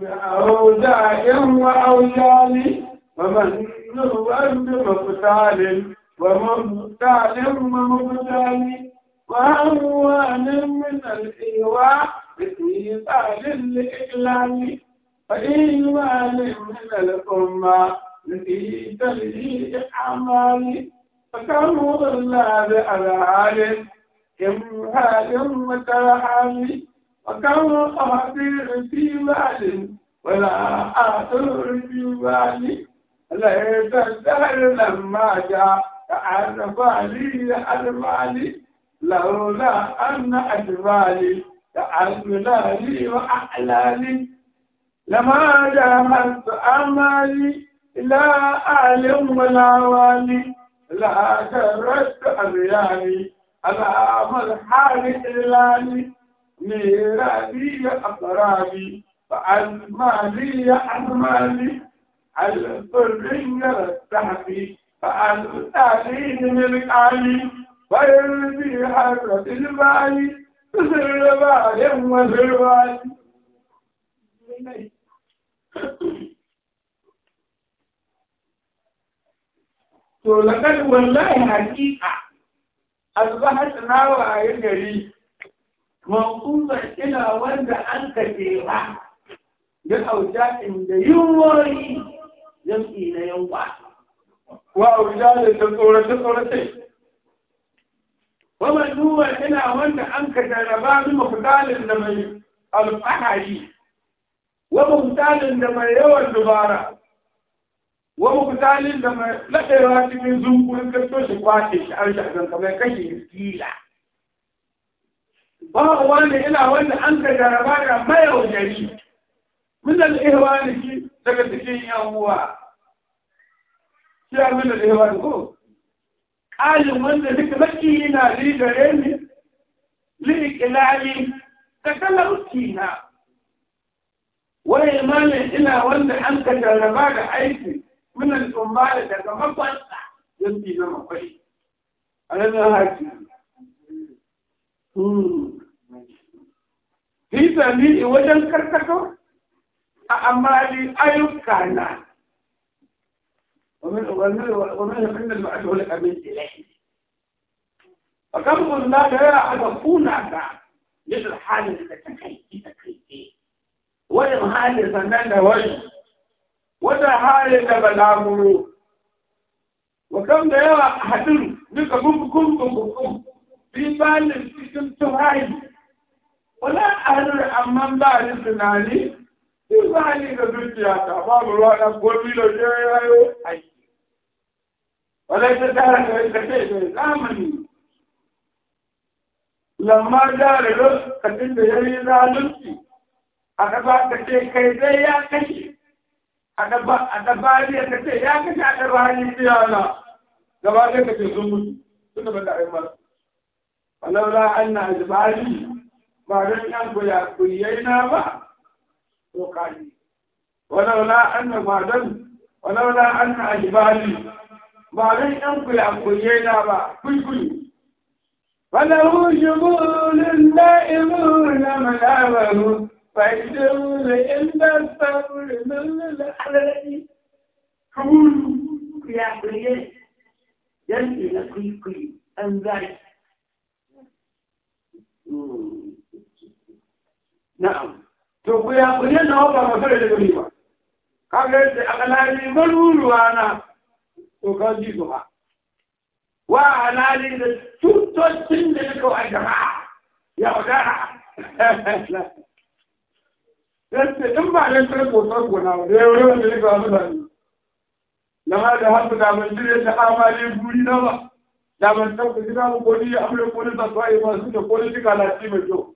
بأوزاع وأوزان ومن نوان بمقتال ومقتال ومقتال وأموال من الإيواء بإيطال لإقلال وإيوال من الأمة في تلهيد أعمال فكم الله على عالم كم حال متى حالي وكم أحضر في مال ولا أحضر في مال ليس الدهر لما جاء تعرف لي المال لولا أن أجبالي تعرف لي وأحلالي لما جاءت أمالي لا أعلم ولا والي لا جرت أبياني على ملحان إلاني ميرادي أقرابي فالمالي أعمالي الفرنجة تحتي فألتالين ملك علي ويرضي حرة البالي سر البالي وسر البالي to lakar wallahi hakika azbahat nawa a mawqufan ina wanda an kace ba da aujain da yunwoyi jam'i na yankwa. wa aujain da ta tsorace tsorace wa manuwa ina wanda an ka jaraba bi mafdalin da mai alfahari wa mafdalin da mai yawan dubara wa mafdalin da mai laɗewa cikin zunkurin kasto shi kwace shi an shi a kamar kashe kila ba wani ina wanda an ka jaraba ga mayaujari min al-ihwani shi daga cikin yan uwa shi ya min al-ihwani ko ƙalin wanda duka maki yana rigare ni liƙilali da talauci na waye mane ina wanda an ka jarraba da aiki min al-ummali daga makwanta yanzu na makwai a ranar haki hmm. fi zamiri wajen karkato a amali ayyuka na ومن يمن الوعد والأمين إليه فكم قلنا لا يعرفون مثل حال تكيتي تكيتي وإن حال زمان وجه وده حال لبلامه وكم ده يرى أحدهم لك tunani sai zani da zuciya ta ba mu ruwa da gobi da ke yayo aiki wadai ta tara da ita ce da zamani lamma da da kadin da yayi yi zalunci aka ba ka ce kai dai ya kashi aka ba aka ba ne ka ce ya kashe a gaba hanyar tiyana gaba da ka ce sun tunda ba da ai ma Allah la anna ajbali ba don ɗan kuya kuyayi na ba ko kari. Walaula an na ba don, walaula an na ahibali, ba don ɗan kuya kuyayi na ba kuikui. Walau shi bulin da imu na malabaru, fahimtu da inda sauri nan lalala. Kamulu kuya kuyayi. Yanki na kuikui an zai. Hmm. na'am to ku ya ku nan ba ba da gani ba kaga yadda akalali maruruwa na to ka ji su ba wa halali da tutocin da yake a jama'a ya wadara yadda in ba nan sai ko san gona ba da yau wanda yake a mutane na ma da hasu da ban jire ta amali guri na ba da ban tabbata gida ko ni amre ko ni ta sai ba su da ko ni kala ci mai kyau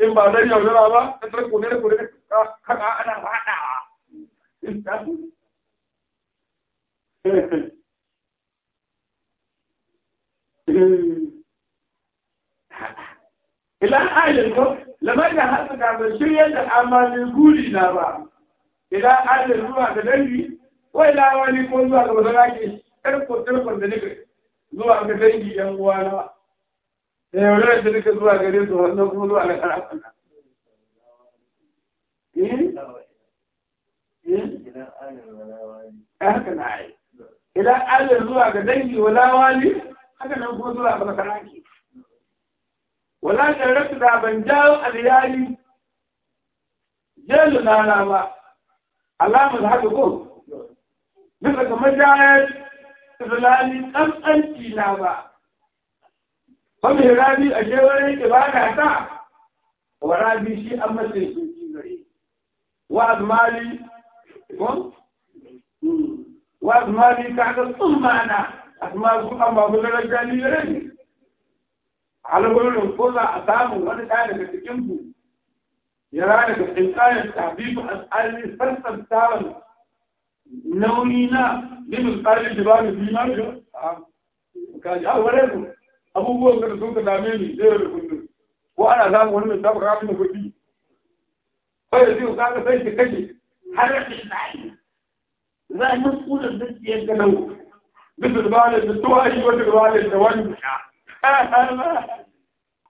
in ba zai yaudara ba ta tsar kune da kune kaga ana faɗawa idan ayin ko lamar da haka kafin shiryar da amalin guri na ba idan ayin zuwa ga dangi wai lawani ko zuwa ga wani rake ƙarfin ƙarfin da nika zuwa ga dangi yan uwa na da yaudara da duka zuwa gare su wannan kuma zuwa na karafana eh? eh? eh, haka na yi idan alin zuwa ga dangi wala wali haka nan kuma zuwa ga makaraki wala sharratu da ban jawo alyali jelu na na ba alamar haka ko bisa ga majayar islami kankanci na ba Wanda rabi a je wurin ibada ta, wa rabi shi an mace shi gare. Wa azmali, ko? Wa azmali ta ga tsummana, azmali su an babu na rajali ya rage. Alwurin ko za a samu wani ɗaya daga cikin ku. Ya rana da tsinkayen tabibu al'ali sassantawan nauyi na limin ƙarfi da ba da biyu na biyu. Kaji, ah, whatever. abubuwan da sun ka dame ni yau da kullum ko ana samun wani mai samun kafin kuɗi ko da zai kaga sai shi kashe har da shi zai zai mun kula da shi yadda nan duk da ba da tuwa shi wata ba da wani